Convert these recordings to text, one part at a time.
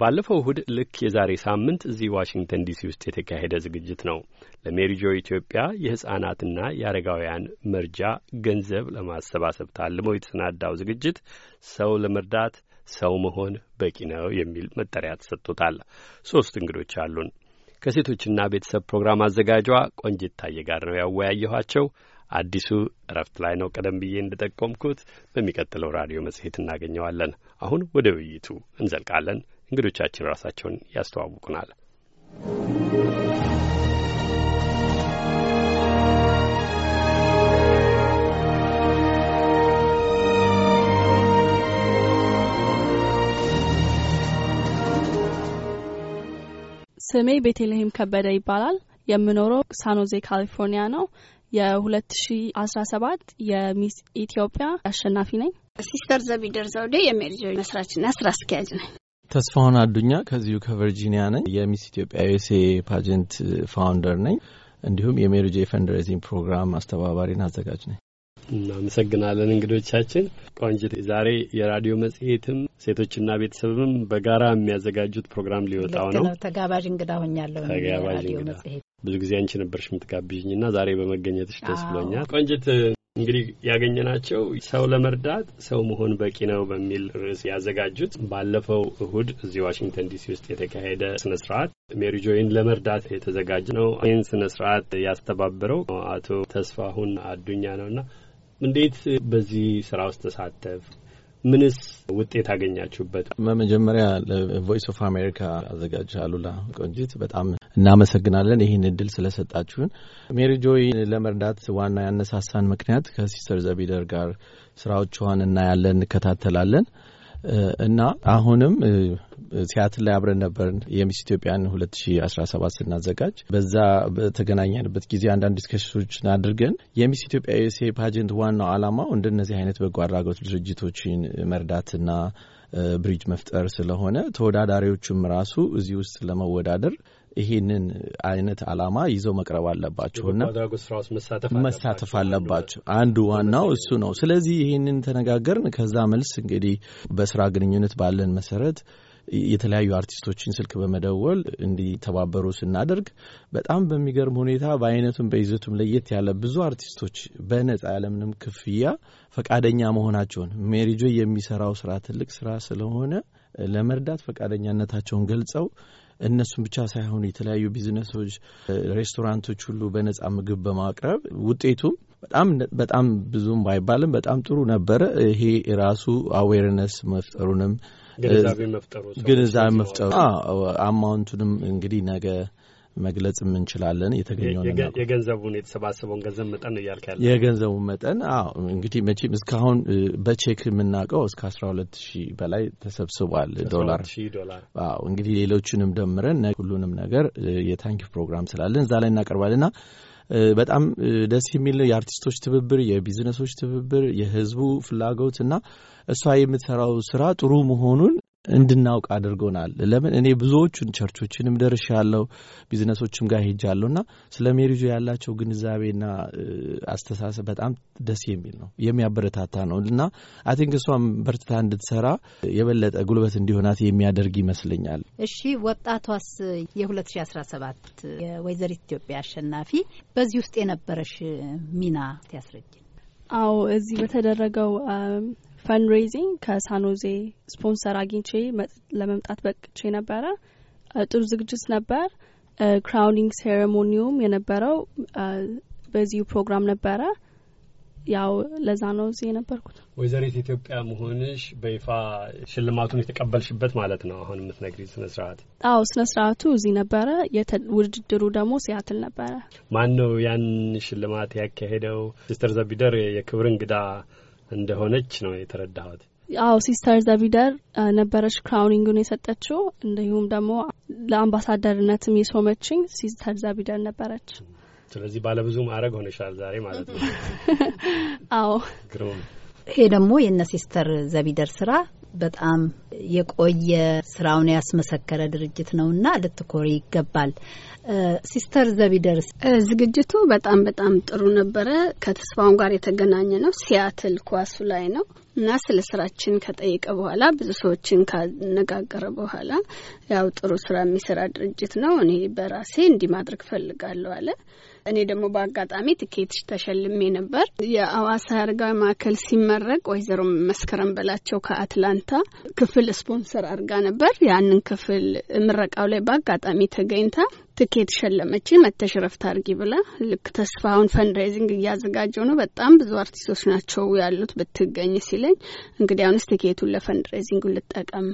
ባለፈው እሁድ ልክ የዛሬ ሳምንት እዚህ ዋሽንግተን ዲሲ ውስጥ የተካሄደ ዝግጅት ነው። ለሜሪጆ ኢትዮጵያ የህጻናትና የአረጋውያን መርጃ ገንዘብ ለማሰባሰብ ታልመው የተሰናዳው ዝግጅት ሰው ለመርዳት ሰው መሆን በቂ ነው የሚል መጠሪያ ተሰጥቶታል። ሶስት እንግዶች አሉን። ከሴቶችና ቤተሰብ ፕሮግራም አዘጋጇ ቆንጅታ የጋር ጋር ነው ያወያየኋቸው። አዲሱ እረፍት ላይ ነው። ቀደም ብዬ እንደጠቆምኩት በሚቀጥለው ራዲዮ መጽሔት እናገኘዋለን። አሁን ወደ ውይይቱ እንዘልቃለን። እንግዶቻችን ራሳቸውን ያስተዋውቁናል። ስሜ ቤተልሔም ከበደ ይባላል። የምኖረው ሳኖዜ ካሊፎርኒያ ነው። የ2017 የሚስ ኢትዮጵያ አሸናፊ ነኝ። ሲስተር ዘቢደር ዘውዴ የሜሪጆ መስራችና ስራ አስኪያጅ ነኝ። ተስፋሁን አዱኛ ከዚሁ ከቨርጂኒያ ነኝ። የሚስ ኢትዮጵያ ዩኤስኤ ፓጀንት ፋውንደር ነኝ። እንዲሁም የሜሪጄ ፈንድሬዚንግ ፕሮግራም አስተባባሪና አዘጋጅ ነኝ። እናመሰግናለን እንግዶቻችን። ቆንጅት፣ ዛሬ የራዲዮ መጽሔትም ሴቶችና ቤተሰብም በጋራ የሚያዘጋጁት ፕሮግራም ሊወጣው ነው። ተጋባዥ እንግዳ ሆኛለሁ። ተጋባዥ እንግዳ ብዙ ጊዜ አንቺ ነበርሽ የምትጋብዥኝ እና ዛሬ በመገኘትሽ ደስ ብሎኛል ቆንጅት። እንግዲህ ያገኘናቸው ሰው ለመርዳት ሰው መሆን በቂ ነው በሚል ርዕስ ያዘጋጁት ባለፈው እሁድ እዚህ ዋሽንግተን ዲሲ ውስጥ የተካሄደ ስነ ስርዓት ሜሪጆይን ለመርዳት የተዘጋጀ ነው። ይህን ስነ ስርዓት ያስተባበረው አቶ ተስፋሁን አዱኛ ነውና እንዴት በዚህ ስራ ውስጥ ተሳተፍ? ምንስ ውጤት አገኛችሁበት? በመጀመሪያ ለቮይስ ኦፍ አሜሪካ አዘጋጅ አሉላ ቆንጂት በጣም እናመሰግናለን ይህን እድል ስለሰጣችሁን። ሜሪጆይ ለመርዳት ዋና ያነሳሳን ምክንያት ከሲስተር ዘቢደር ጋር ስራዎችዋን እናያለን፣ እንከታተላለን እና አሁንም ሲያትል ላይ አብረን ነበርን የሚስ ኢትዮጵያን 2017 ስናዘጋጅ በዛ በተገናኘንበት ጊዜ አንዳንድ ዲስከሽኖችን አድርገን የሚስ ኢትዮጵያ ዩስ ፓጀንት ዋናው ዓላማው እንደነዚህ አይነት በጎ አድራጎት ድርጅቶችን መርዳትና ብሪጅ መፍጠር ስለሆነ ተወዳዳሪዎቹም ራሱ እዚህ ውስጥ ለመወዳደር ይህንን አይነት አላማ ይዘው መቅረብ አለባቸውና መሳተፍ አለባቸው። አንዱ ዋናው እሱ ነው። ስለዚህ ይህንን ተነጋገርን። ከዛ መልስ እንግዲህ በስራ ግንኙነት ባለን መሰረት የተለያዩ አርቲስቶችን ስልክ በመደወል እንዲተባበሩ ስናደርግ በጣም በሚገርም ሁኔታ በአይነቱም በይዘቱም ለየት ያለ ብዙ አርቲስቶች በነጻ ያለምንም ክፍያ ፈቃደኛ መሆናቸውን ሜሪጆ የሚሰራው ስራ ትልቅ ስራ ስለሆነ ለመርዳት ፈቃደኛነታቸውን ገልጸው እነሱም ብቻ ሳይሆን የተለያዩ ቢዝነሶች፣ ሬስቶራንቶች ሁሉ በነጻ ምግብ በማቅረብ ውጤቱም በጣም በጣም ብዙም ባይባልም በጣም ጥሩ ነበረ። ይሄ ራሱ አዌርነስ መፍጠሩንም ግንዛቤ መፍጠሩ አማውንቱንም እንግዲህ ነገ መግለጽ እንችላለን። የተገኘውን የገንዘቡን የተሰባሰበውን ገንዘብ መጠን ነው እያልክ ያለ የገንዘቡ መጠን አዎ። እንግዲህ መቼም እስካሁን በቼክ የምናውቀው እስከ አስራ ሁለት ሺህ በላይ ተሰብስቧል ዶላር። አዎ እንግዲህ ሌሎችንም ደምረን ሁሉንም ነገር የታንኪ ፕሮግራም ስላለን እዛ ላይ እናቀርባልና በጣም ደስ የሚል የአርቲስቶች ትብብር፣ የቢዝነሶች ትብብር፣ የህዝቡ ፍላጎት እና እሷ የምትሰራው ስራ ጥሩ መሆኑን እንድናውቅ አድርጎናል። ለምን እኔ ብዙዎቹን ቸርቾችንም ደርሻ ያለው ቢዝነሶችም ጋር ሄጃለሁ ስለ ሜሪጆ ያላቸው ግንዛቤና አስተሳሰብ በጣም ደስ የሚል ነው፣ የሚያበረታታ ነው እና አይ ቲንክ እሷም በርትታ እንድትሰራ የበለጠ ጉልበት እንዲሆናት የሚያደርግ ይመስለኛል። እሺ ወጣቷስ የ2017 የወይዘሪት ኢትዮጵያ አሸናፊ በዚህ ውስጥ የነበረሽ ሚና ያስረጅ። አዎ እዚህ በተደረገው ፈንድሬዚንግ ከሳኖዜ ስፖንሰር አግኝቼ ለመምጣት በቅቼ ነበረ። ጥሩ ዝግጅት ነበር። ክራውኒንግ ሴሬሞኒውም የነበረው በዚሁ ፕሮግራም ነበረ። ያው ለዛ ነው እዚህ የነበርኩት። ወይዘሪት ኢትዮጵያ መሆንሽ በይፋ ሽልማቱን የተቀበልሽበት ማለት ነው። አሁን የምትነግሪ ስነ ስርአት? አዎ ስነ ስርአቱ እዚህ ነበረ። ውድድሩ ደግሞ ሲያትል ነበረ። ማን ነው ያን ሽልማት ያካሄደው? ሲስተር ዘቢደር የክብር እንግዳ እንደሆነች ነው የተረዳሁት። አዎ ሲስተር ዘቢደር ነበረች ክራውኒንግን የሰጠችው። እንዲሁም ደግሞ ለአምባሳደርነትም የሶመችኝ ሲስተር ዘቢደር ነበረች። ስለዚህ ባለብዙ ማዕረግ ሆነሻል ዛሬ ማለት ነው። አዎ ግሩም። ይሄ ደግሞ የእነ ሲስተር ዘቢደር ስራ በጣም የቆየ ስራውን ያስመሰከረ ድርጅት ነው እና ልትኮሪ ይገባል። ሲስተር ዘቢደርስ ዝግጅቱ በጣም በጣም ጥሩ ነበረ። ከተስፋውን ጋር የተገናኘ ነው። ሲያትል ኳሱ ላይ ነው። እና ስለ ስራችን ከጠየቀ በኋላ ብዙ ሰዎችን ካነጋገረ በኋላ ያው ጥሩ ስራ የሚሰራ ድርጅት ነው፣ እኔ በራሴ እንዲህ ማድረግ ፈልጋለሁ አለ። እኔ ደግሞ በአጋጣሚ ትኬት ተሸልሜ ነበር። የአዋሳ አረጋዊ ማዕከል ሲመረቅ ወይዘሮ መስከረም በላቸው ከአትላንታ ክፍል ስፖንሰር አድርጋ ነበር። ያንን ክፍል ምረቃው ላይ በአጋጣሚ ተገኝታ ትኬት ሸለመች መተሽ ረፍት ብላ ልክ ተስፋውን ፈንድራይዚንግ እያዘጋጀው ነው በጣም ብዙ አርቲስቶች ናቸው ያሉት ብትገኝ ሲለኝ እንግዲህ አሁንስ ትኬቱን ለፈንድራይዚንግ ልጠቀም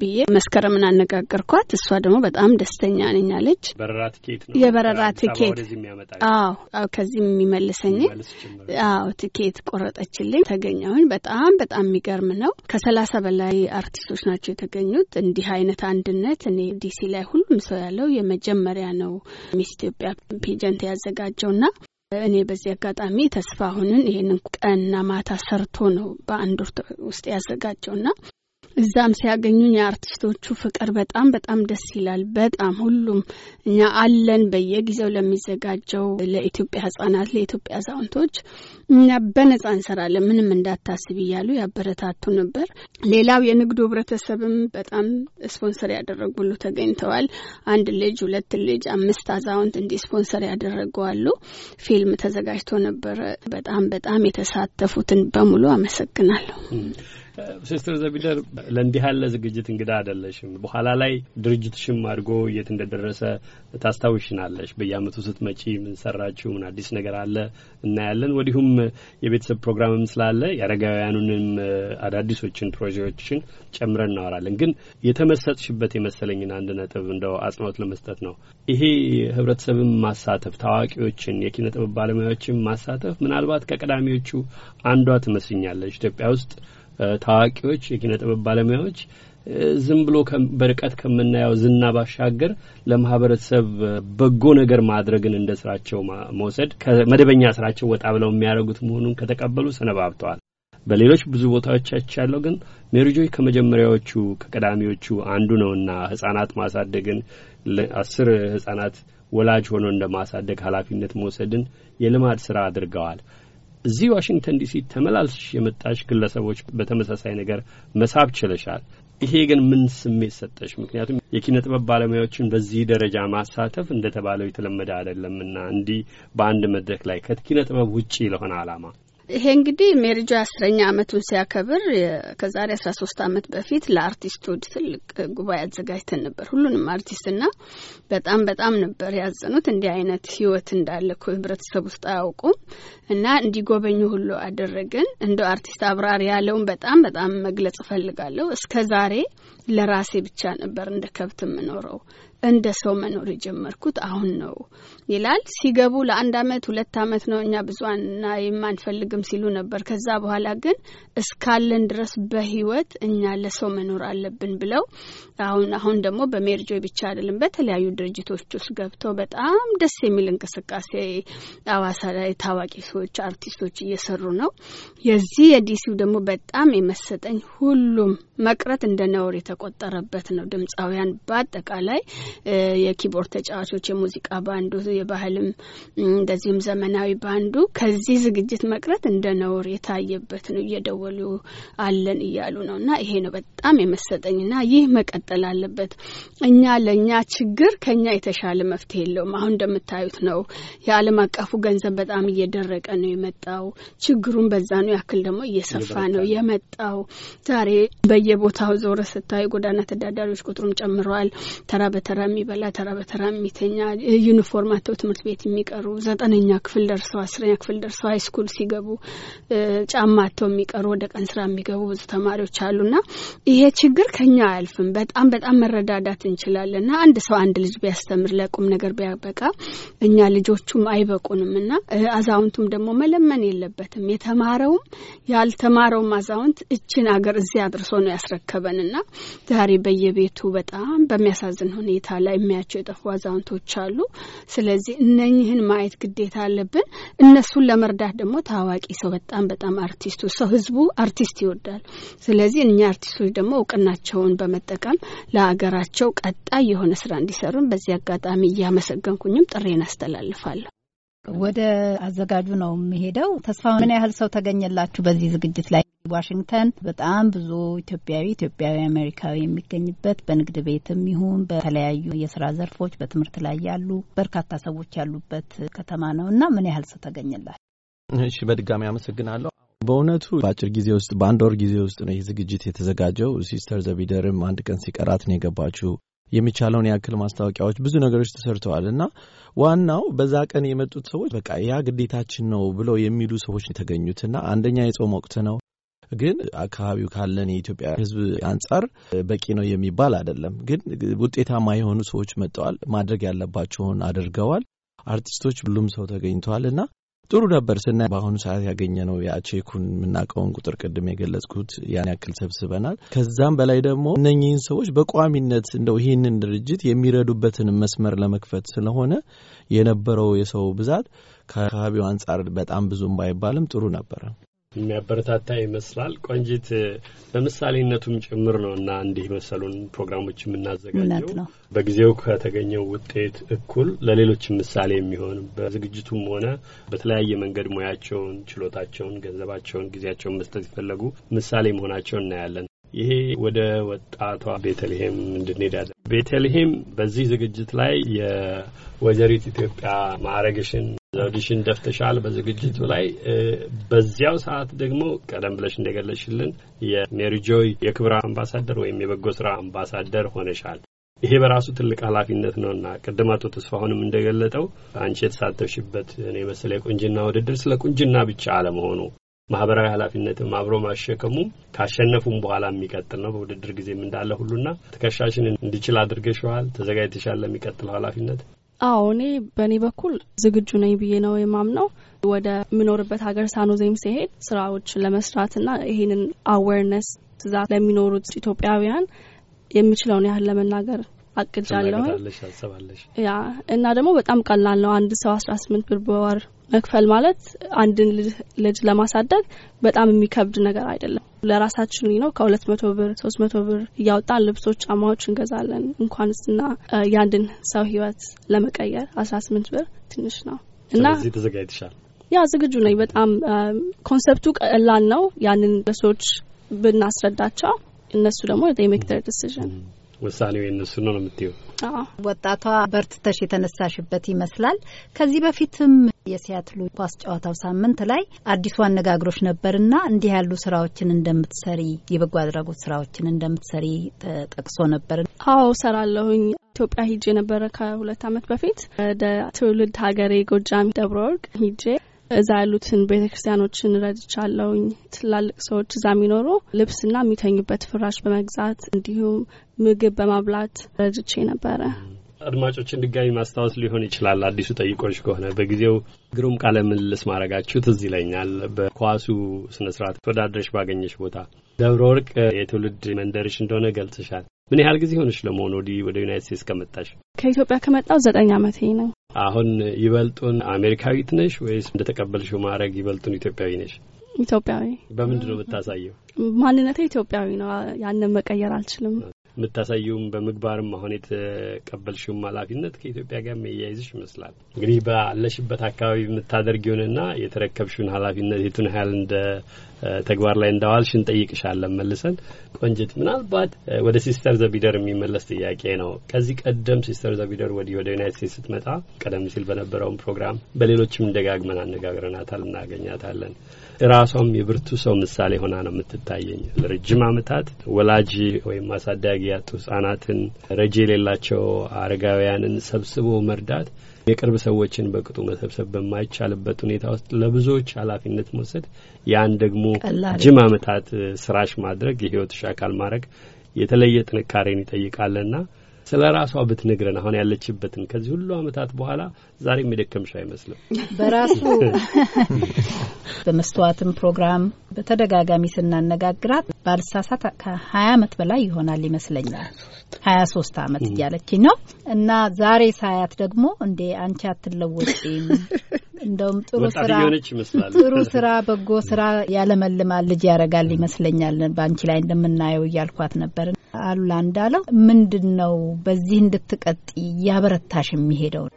ብዬ መስከረምን አነጋገርኳት። እሷ ደግሞ በጣም ደስተኛ ነኝ አለች። የበረራ ትኬት። አዎ ከዚህ የሚመልሰኝ አዎ ትኬት ቆረጠችልኝ። ተገኘሁኝ። በጣም በጣም የሚገርም ነው። ከሰላሳ በላይ አርቲስቶች ናቸው የተገኙት። እንዲህ አይነት አንድነት እኔ ዲሲ ላይ ሁሉም ሰው ያለው የመጀመሪያ ነው። ሚስ ኢትዮጵያ ፔጀንት ያዘጋጀው ና እኔ በዚህ አጋጣሚ ተስፋ አሁንን ይህንን ቀንና ማታ ሰርቶ ነው በአንድ ወር ውስጥ ያዘጋጀው ና እዛም ሲያገኙኝ የአርቲስቶቹ ፍቅር በጣም በጣም ደስ ይላል። በጣም ሁሉም እኛ አለን በየጊዜው ለሚዘጋጀው ለኢትዮጵያ ህጻናት፣ ለኢትዮጵያ አዛውንቶች እኛ በነጻ እንሰራለን ምንም እንዳታስብ እያሉ ያበረታቱ ነበር። ሌላው የንግዱ ህብረተሰብም በጣም ስፖንሰር ያደረጉ ያደረጉሉ ተገኝተዋል። አንድ ልጅ፣ ሁለት ልጅ፣ አምስት አዛውንት እንዲህ ስፖንሰር ያደረገዋሉ። ፊልም ተዘጋጅቶ ነበረ። በጣም በጣም የተሳተፉትን በሙሉ አመሰግናለሁ። ሲስተር ዘቢደር ለእንዲህ ያለ ዝግጅት እንግዳ አይደለሽም። በኋላ ላይ ድርጅትሽም አድጎ የት እንደደረሰ ታስታውሽናለሽ። በየአመቱ ስትመጪ ምን ሰራችሁ፣ ምን አዲስ ነገር አለ እናያለን። ወዲሁም የቤተሰብ ፕሮግራምም ስላለ የአረጋውያኑንም አዳዲሶችን ፕሮጀክቶችን ጨምረን እናወራለን። ግን የተመሰጥሽበት የመሰለኝን አንድ ነጥብ እንደው አጽንኦት ለመስጠት ነው። ይሄ ህብረተሰብን ማሳተፍ ታዋቂዎችን፣ የኪነ ጥበብ ባለሙያዎችን ማሳተፍ ምናልባት ከቀዳሚዎቹ አንዷ ትመስኛለች ኢትዮጵያ ውስጥ ታዋቂዎች፣ የኪነ ጥበብ ባለሙያዎች ዝም ብሎ በርቀት ከምናየው ዝና ባሻገር ለማህበረሰብ በጎ ነገር ማድረግን እንደ ስራቸው መውሰድ ከመደበኛ ስራቸው ወጣ ብለው የሚያደርጉት መሆኑን ከተቀበሉ ሰነባብተዋል። በሌሎች ብዙ ቦታዎቻች ያለው ግን ሜሪጆይ ከመጀመሪያዎቹ ከቀዳሚዎቹ አንዱ ነውና ህጻናት ማሳደግን አስር ህጻናት ወላጅ ሆኖ እንደ ማሳደግ ኃላፊነት መውሰድን የልማድ ስራ አድርገዋል። እዚህ ዋሽንግተን ዲሲ ተመላልስሽ የመጣሽ ግለሰቦች በተመሳሳይ ነገር መሳብ ችለሻል። ይሄ ግን ምን ስሜት ሰጠሽ? ምክንያቱም የኪነ ጥበብ ባለሙያዎችን በዚህ ደረጃ ማሳተፍ እንደተባለው የተለመደ አይደለምና እንዲህ በአንድ መድረክ ላይ ከኪነ ጥበብ ውጪ ለሆነ ዓላማ ይሄ እንግዲህ ሜሪጆ አስረኛ ዓመቱን ሲያከብር ከዛሬ አስራ ሶስት ዓመት በፊት ለአርቲስት እሑድ ትልቅ ጉባኤ አዘጋጅተን ነበር። ሁሉንም ና በጣም በጣም ነበር ያዘኑት። እንዲህ አይነት ህይወት እንዳለ እኮ ህብረተሰብ ውስጥ አያውቁም እና እንዲጎበኙ ሁሉ አደረግን። እንደ አርቲስት አብራሪ ያለውን በጣም በጣም መግለጽ እፈልጋለሁ። እስከ ዛሬ ለራሴ ብቻ ነበር እንደ ከብት የምኖረው። እንደ ሰው መኖር የጀመርኩት አሁን ነው ይላል። ሲገቡ ለአንድ አመት ሁለት አመት ነው እኛ ብዙና የማንፈልግም ሲሉ ነበር። ከዛ በኋላ ግን እስካለን ድረስ በህይወት እኛ ለሰው መኖር አለብን ብለው አሁን አሁን ደግሞ በሜርጆይ ብቻ አይደለም በተለያዩ ድርጅቶች ውስጥ ገብተው በጣም ደስ የሚል እንቅስቃሴ አዋሳ ላይ ታዋቂ ሰዎች፣ አርቲስቶች እየሰሩ ነው። የዚህ የዲሲው ደግሞ በጣም የመሰጠኝ ሁሉም መቅረት እንደ ነውር የተቆጠረበት ነው ድምፃውያን በአጠቃላይ የኪቦርድ ተጫዋቾች፣ የሙዚቃ ባንዱ፣ የባህልም እንደዚሁም ዘመናዊ ባንዱ ከዚህ ዝግጅት መቅረት እንደ ነውር የታየበት ነው። እየደወሉ አለን እያሉ ነው እና ይሄ ነው በጣም የመሰጠኝና ይህ መቀጠል አለበት። እኛ ለእኛ ችግር ከኛ የተሻለ መፍትሄ የለውም። አሁን እንደምታዩት ነው። የዓለም አቀፉ ገንዘብ በጣም እየደረቀ ነው የመጣው። ችግሩን በዛ ነው ያክል ደግሞ እየሰፋ ነው የመጣው። ዛሬ በየቦታው ዞረ ስታዩ ጎዳና ተዳዳሪዎች ቁጥሩም ጨምረዋል። ተራ በተራ የሚበላ ተራ በተራ የሚተኛ ዩኒፎርም አተው ትምህርት ቤት የሚቀሩ ዘጠነኛ ክፍል ደርሰው አስረኛ ክፍል ደርሰው ሀይ ስኩል ሲገቡ ጫማ አተው የሚቀሩ ወደ ቀን ስራ የሚገቡ ብዙ ተማሪዎች አሉና ይሄ ችግር ከኛ አያልፍም። በጣም በጣም መረዳዳት እንችላለን ና አንድ ሰው አንድ ልጅ ቢያስተምር ለቁም ነገር ቢያበቃ እኛ ልጆቹም አይበቁንም ና አዛውንቱም ደግሞ መለመን የለበትም። የተማረውም ያልተማረውም አዛውንት እችን አገር እዚህ አድርሶ ነው ና ዛሬ በየቤቱ በጣም በሚያሳዝን ሁኔታ ላይ የሚያቸው የጠፉ አዛውንቶች አሉ። ስለዚህ እነኝህን ማየት ግዴታ አለብን። እነሱን ለመርዳት ደግሞ ታዋቂ ሰው በጣም በጣም አርቲስቱ ሰው ህዝቡ አርቲስት ይወዳል። ስለዚህ እኛ አርቲስቶች ደግሞ እውቅናቸውን በመጠቀም ለሀገራቸው ቀጣይ የሆነ ስራ እንዲሰሩን በዚህ አጋጣሚ እያመሰገንኩኝም ጥሬን አስተላልፋለሁ። ወደ አዘጋጁ ነው የሚሄደው። ተስፋ ምን ያህል ሰው ተገኘላችሁ በዚህ ዝግጅት ላይ? ዋሽንግተን በጣም ብዙ ኢትዮጵያዊ ኢትዮጵያዊ አሜሪካዊ የሚገኝበት በንግድ ቤትም ይሁን በተለያዩ የስራ ዘርፎች በትምህርት ላይ ያሉ በርካታ ሰዎች ያሉበት ከተማ ነው እና ምን ያህል ሰው ተገኘላችሁ? እሺ፣ በድጋሚ አመሰግናለሁ። በእውነቱ በአጭር ጊዜ ውስጥ በአንድ ወር ጊዜ ውስጥ ነው ይህ ዝግጅት የተዘጋጀው። ሲስተር ዘቢደርም አንድ ቀን ሲቀራት ነው የገባችው። የሚቻለውን ያክል ማስታወቂያዎች፣ ብዙ ነገሮች ተሰርተዋል እና ዋናው በዛ ቀን የመጡት ሰዎች በቃ ያ ግዴታችን ነው ብለው የሚሉ ሰዎች የተገኙትና አንደኛ የጾም ወቅት ነው ግን አካባቢው ካለን የኢትዮጵያ ሕዝብ አንጻር በቂ ነው የሚባል አይደለም። ግን ውጤታማ የሆኑ ሰዎች መጥተዋል። ማድረግ ያለባቸውን አድርገዋል። አርቲስቶች፣ ሁሉም ሰው ተገኝተዋል እና ጥሩ ነበር ስና በአሁኑ ሰዓት ያገኘነው የአቼኩን የምናውቀውን ቁጥር ቅድም የገለጽኩት ያን ያክል ሰብስበናል። ከዛም በላይ ደግሞ እነኚህን ሰዎች በቋሚነት እንደው ይህንን ድርጅት የሚረዱበትን መስመር ለመክፈት ስለሆነ የነበረው የሰው ብዛት ከአካባቢው አንጻር በጣም ብዙም ባይባልም ጥሩ ነበረ። የሚያበረታታ ይመስላል። ቆንጂት በምሳሌነቱም ጭምር ነው እና እንዲህ መሰሉን ፕሮግራሞች የምናዘጋጀው በጊዜው ከተገኘው ውጤት እኩል ለሌሎችም ምሳሌ የሚሆን በዝግጅቱም ሆነ በተለያየ መንገድ ሙያቸውን፣ ችሎታቸውን፣ ገንዘባቸውን፣ ጊዜያቸውን መስጠት የፈለጉ ምሳሌ መሆናቸው እናያለን። ይሄ ወደ ወጣቷ ቤተልሔም እንድንሄድ ቤተልሔም በዚህ ዝግጅት ላይ የወይዘሪት ኢትዮጵያ ማዕረግሽን ዘውድሽን ደፍተሻል በዝግጅቱ ላይ። በዚያው ሰዓት ደግሞ ቀደም ብለሽ እንደገለሽልን የሜሪጆይ የክብር አምባሳደር ወይም የበጎ ስራ አምባሳደር ሆነሻል። ይሄ በራሱ ትልቅ ኃላፊነት ነውና ቅድም አቶ ተስፋሁንም እንደገለጠው አንቺ የተሳተፍሽበት እኔ የቁንጅና ውድድር ስለ ቁንጅና ብቻ አለመሆኑ ማህበራዊ ኃላፊነትም አብሮ ማሸከሙ ካሸነፉም በኋላ የሚቀጥል ነው። በውድድር ጊዜም እንዳለ ሁሉና ትከሻሽን እንዲችል አድርገሽዋል። ተዘጋጅተሻል ለሚቀጥለው ኃላፊነት? አዎ እኔ በእኔ በኩል ዝግጁ ነኝ ብዬ ነው የማምነው። ወደ የምኖርበት ሀገር ሳኖዜም ሲሄድ ስራዎችን ለመስራትና ይሄንን አዌርነስ እዛ ለሚኖሩት ኢትዮጵያውያን የምችለውን ያህል ለመናገር አቅጃለሁ። ያ እና ደግሞ በጣም ቀላል ነው። አንድ ሰው አስራ ስምንት ብር በወር መክፈል ማለት አንድን ልጅ ለማሳደግ በጣም የሚከብድ ነገር አይደለም። ለራሳችን ነው ከሁለት መቶ ብር ሶስት መቶ ብር እያወጣን ልብሶች፣ ጫማዎች እንገዛለን። እንኳንስና የአንድን ሰው ህይወት ለመቀየር አስራ ስምንት ብር ትንሽ ነው እና ተዘጋጅተሻል? ያ ዝግጁ ነኝ። በጣም ኮንሰፕቱ ቀላል ነው። ያንን ለሰዎች ብናስረዳቸው እነሱ ደግሞ የሜክ ዲሲዥን ውሳኔው የነሱ ነው ነው የምትየው? ወጣቷ በርትተሽ የተነሳሽበት ይመስላል። ከዚህ በፊትም የሲያትሉ ኳስ ጨዋታው ሳምንት ላይ አዲሱ አነጋግሮች ነበርና እንዲህ ያሉ ስራዎችን እንደምትሰሪ የበጎ አድራጎት ስራዎችን እንደምትሰሪ ጠቅሶ ነበር። አዎ ሰራለሁኝ። ኢትዮጵያ ሂጄ ነበረ ከሁለት አመት በፊት ወደ ትውልድ ሀገሬ ጎጃም ደብረወርቅ ሂጄ እዛ ያሉትን ቤተ ክርስቲያኖችን ረድቻለሁኝ። ትላልቅ ሰዎች እዛ የሚኖሩ ልብስና የሚተኙበት ፍራሽ በመግዛት እንዲሁም ምግብ በማብላት ረድቼ ነበረ። አድማጮችን ድጋሚ ማስታወስ ሊሆን ይችላል አዲሱ ጠይቆች ከሆነ በጊዜው ግሩም ቃለ ምልልስ ማድረጋችሁ ትዝ ይለኛል። በኳሱ ስነስርዓት ተወዳድረሽ ባገኘሽ ቦታ ደብረ ወርቅ የትውልድ መንደርሽ እንደሆነ ገልጽሻል። ምን ያህል ጊዜ ሆነች ለመሆኑ ወዲህ ወደ ዩናይት ስቴትስ ከመጣሽ? ከኢትዮጵያ ከመጣው ዘጠኝ ዓመቴ ነው። አሁን ይበልጡን አሜሪካዊት ነሽ ወይስ እንደ ተቀበልሽው ማዕረግ ይበልጡን ኢትዮጵያዊ ነሽ? ኢትዮጵያዊ። በምንድን ነው የምታሳየው? ማንነቴ ኢትዮጵያዊ ነው። ያንን መቀየር አልችልም። የምታሳየውም በምግባርም አሁን የተቀበልሽውም ኃላፊነት ከኢትዮጵያ ጋር መያይዝሽ ይመስላል። እንግዲህ ባለሽበት አካባቢ የምታደርጊውንና የተረከብሽውን ኃላፊነት የቱን ያህል እንደ ተግባር ላይ እንዳዋል እንጠይቅሻለን መልሰን። ቆንጅት፣ ምናልባት ወደ ሲስተር ዘቢደር የሚመለስ ጥያቄ ነው። ከዚህ ቀደም ሲስተር ዘቢደር ወዲህ ወደ ዩናይት ስቴትስ ስትመጣ ቀደም ሲል በነበረውን ፕሮግራም በሌሎችም እንደጋግመን አነጋግረናታል፣ እናገኛታለን። ራሷም የብርቱ ሰው ምሳሌ ሆና ነው የምትታየኝ። ለረጅም ዓመታት ወላጅ ወይም አሳዳጊ ያጡ ህጻናትን፣ ረጅ የሌላቸው አረጋውያንን ሰብስቦ መርዳት የቅርብ ሰዎችን በቅጡ መሰብሰብ በማይቻልበት ሁኔታ ውስጥ ለብዙዎች ኃላፊነት መውሰድ ያን ደግሞ ጅም ዓመታት ስራሽ ማድረግ የህይወትሽ አካል ማድረግ የተለየ ጥንካሬን ይጠይቃልና ስለ ራሷ ብትነግረን አሁን ያለችበትን ከዚህ ሁሉ አመታት በኋላ ዛሬ የሚደከምሽ አይመስልም። በራሱ በመስተዋትም ፕሮግራም በተደጋጋሚ ስናነጋግራት ባልሳሳት ከሀያ አመት በላይ ይሆናል ይመስለኛል ሀያ ሶስት አመት እያለችኝ ነው እና ዛሬ ሳያት ደግሞ እንዴ አንቺ አትለወጪም እንደውም ጥሩ ስራ ጥሩ ስራ በጎ ስራ ያለመልማል ልጅ ያደርጋል ይመስለኛል በአንቺ ላይ እንደምናየው እያልኳት ነበር። አሉላ እንዳለው ምንድን ነው በዚህ እንድትቀጥ ያበረታሽ የሚሄደው ነው።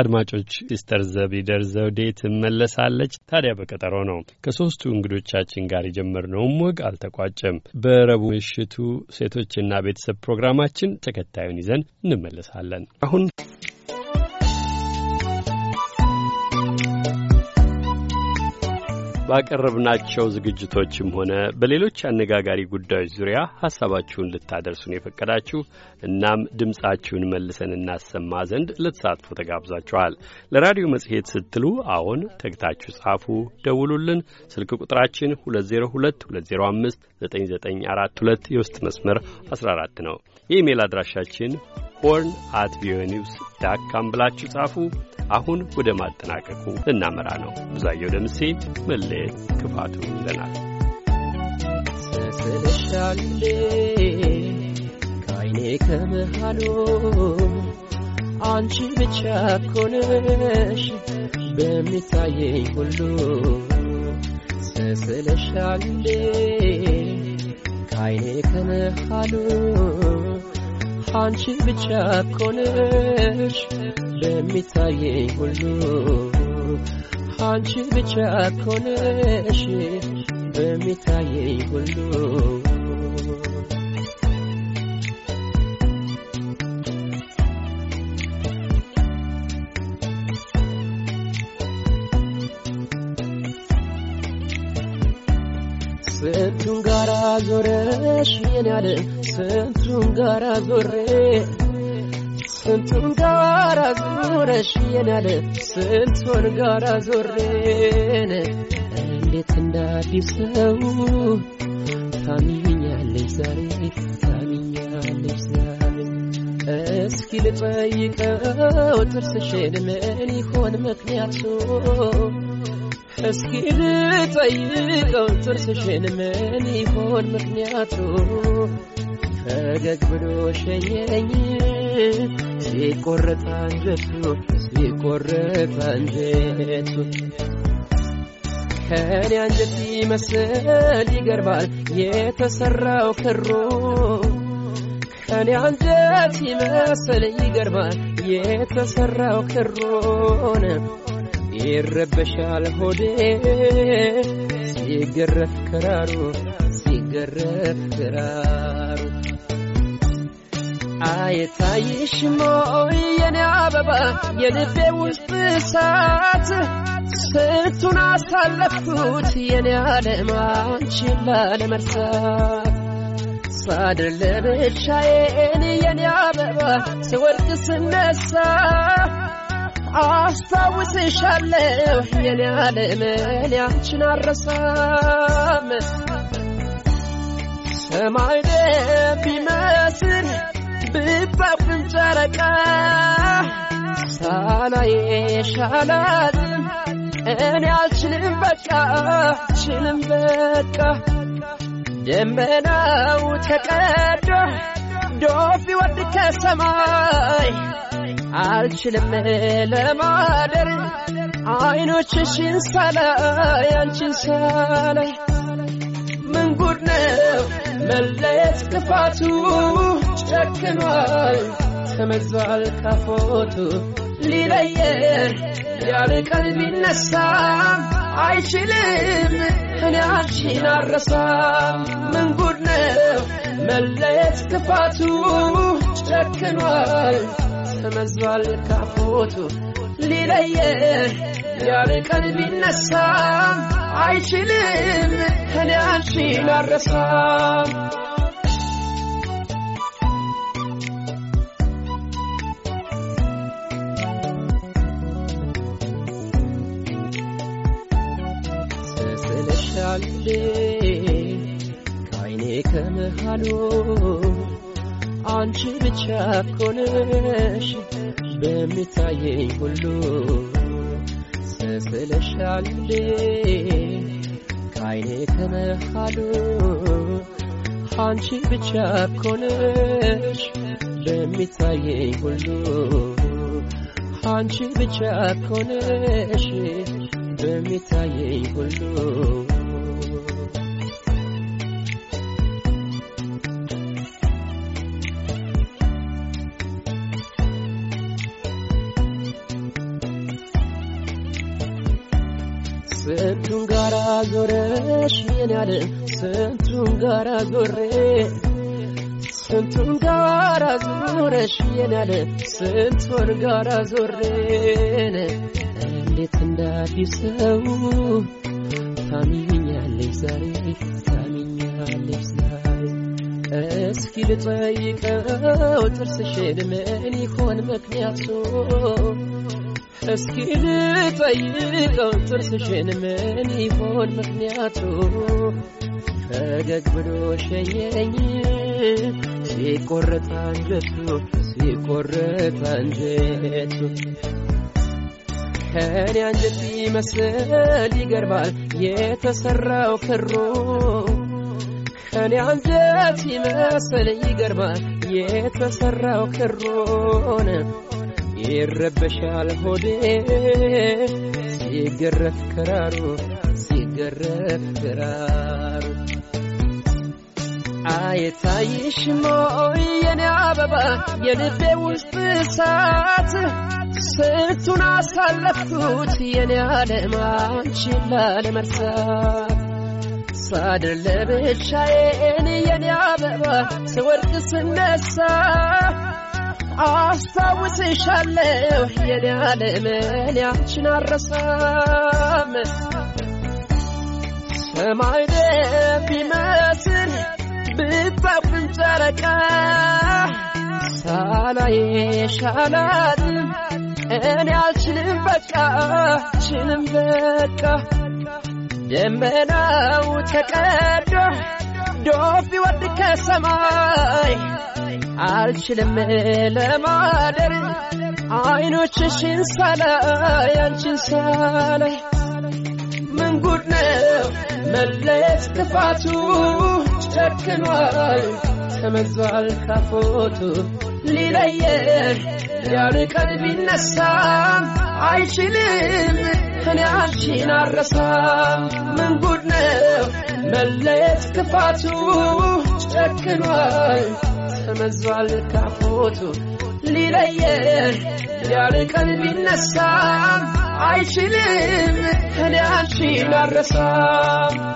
አድማጮች ሲስተር ዘቢደር ዘውዴ ትመለሳለች። ታዲያ በቀጠሮ ነው። ከሶስቱ እንግዶቻችን ጋር የጀመርነውም ወግ አልተቋጨም። በረቡዕ ምሽቱ ሴቶችና ቤተሰብ ፕሮግራማችን ተከታዩን ይዘን እንመለሳለን። አሁን ባቀረብናቸው ዝግጅቶችም ሆነ በሌሎች አነጋጋሪ ጉዳዮች ዙሪያ ሐሳባችሁን ልታደርሱን የፈቀዳችሁ እናም ድምፃችሁን መልሰን እናሰማ ዘንድ ለተሳትፎ ተጋብዛችኋል። ለራዲዮ መጽሔት ስትሉ አሁን ተግታችሁ ጻፉ፣ ደውሉልን። ስልክ ቁጥራችን 2022059942 የውስጥ መስመር 14 ነው። የኢሜል አድራሻችን ሆርን አት ቪኦኤ ኒውስ ዳት ካም ብላችሁ ጻፉ። አሁን ወደ ማጠናቀቁ ልናመራ ነው። ብዛየው ደምሴ መለየት ክፋቱ ይለናል። ከአይኔ ከመሃሉ አንቺ ብቻ ኮነሽ በሚታየኝ ሁሉ ስስልሻሌ ከአይኔ ከመሃሉ አንቺ ብቻ ኮነሽ ለሚታየኝ ሁሉ አንቺ ብቻ ኮነሽ በሚታየኝ ሁሉ ስንቱን ጋራ ዞረሽ የኔ ዓለም ስንቱን ጋራ ዞሬ ስንቱን ጋራ ዞረሽ የናለ ስንቱን ጋራ ዞሬን እንዴት እንደ ሰው ታሚኛለች ዛሬ ታሚኛለች ዛሬ እስኪ ልጠይቀው ጥርስሽን ምን ይሆን ምክንያቱ? እስኪ ልጠይቀው ጥርስሽን ምን ይሆን ምክንያቱ? ፈገግ ብሎ ሸኘኝ ሲቆረጥ አንጀቱ ሲቆረጥ አንጀቱ ከኔ አንጀት ይመስል ይገርባል የተሰራው ክሩ ከኔ አንጀት ይመስል ይገርባል የተሰራው ክሩን ይረበሻል ሆዴ ሲገረፍ ክራሩ ሲገረፍ ክራሩ አይታይሽም ወይ የኔ አበባ የልቤ ውስጥ እሳት ስንቱን አሳለፍኩት የኔ ዓለም አንቺን ላለመርሳት ሳድር ለብቻዬን የኔ አበባ ስወድቅ ስነሳ አስታውስሻለሁ የኔ ዓለም እኔ አንቺን አልረሳም ሰማይ ቢመስል ብታፍን ጨረቃ ሳናዬ ሻላት እኔ አልችልም በቃ አልችልም በቃ ደመናው ተቀዶ ዶፍ ይወርድ ከሰማይ አልችልም ለማደር አይኖችሽን ሳላይ አንቺን ሳላይ ምን ጉድ ነው መለየት ክፋቱ ጨክኗል ተመዟል ካፎቱ ሊለየን ያለ ቀልብ ይነሳም አይችልም እኔ አንቺን አረሳም ምን ጉድ ነው መለየት ክፋቱ ጨክኗል ተመዟል ካፎቱ ሊለየን ያለ ቀልብ ይነሳም አይችልም እኔ አንቺን አረሳም ይወጣል ከአይኔ ከመሃሉ አንቺ ብቻ ኮነሽ በሚታየኝ ሁሉ ሰስለሻል ከአይኔ ከመሃሉ አንቺ ብቻ ኮነሽ በሚታየኝ ሁሉ አንቺ ብቻ ኮነሽ በሚታየኝ ሁሉ ስንቱን ጋራ ዞረሽ ምን ያለ ስንቱን ጋራ ዞሬ ስንቱን ጋራ ዞረሽ ምን ያለ ስንቱን ጋራ ዞሬን እንዴት እንደ አዲስ ሰው ታሚኛለሽ ዛሬ ታሚኛለሽ ዛሬ እስኪ ልጠይቀው ጥርስሽን ምን ይሆን ምክንያቱ እስኪ ልጠይቀው ጥርስሽን ምን ይሆን ምክንያቱ ፈገግ ብሎ ሸኘኝ ሲቆረጥ አንጀቱ ሲቆረጥ አንጀቱ ከኔ አንጀት ይመስል ይገርማል የተሰራው ክሩ ከኔ አንጀት ይመስል ይገርማል የተሰራው ክሩን ይረበሻል ሆዴ ሲገረፍ ክራሩ ሲገረፍ ክራሩ አይታይሽ ሞይ የኔ አበባ የልቤ ውስጥ እሳት ስንቱን አሳለፍኩት የኔ ዓለም አንቺን ላለመርሳት ሳድር ለብቻዬን የኔ አበባ ስወርቅ ስነሳ አስታውስሻለሁ የኔዓለምን ያንቺን አረሳም ሰማይኔ ቢመስል ብታብን ጨረቃ ሳላይሽ አላልም እኔ አልችልም በቃ አልችልም በቃ ደመናው ተቀዶ ዶፍ ይወርድ ከሰማይ አልችልም ለማደር አይኖችሽን ሳላይ አንቺን ሳላይ ምንጉድ ነው መለየት ክፋቱ ጨክኗል ተመዟል ካፎቱ ሊለየን ሊያርቀን ቢነሳም አይችልም እኔ አንቺን አረሳም ምንጉድ ነው መለየት ክፋቱ ጨክኗል መዟል ካፎቱ ሊለየን ሊያርቀን ቢነሳም አይችልም ከኔ አንቺን ላረሳም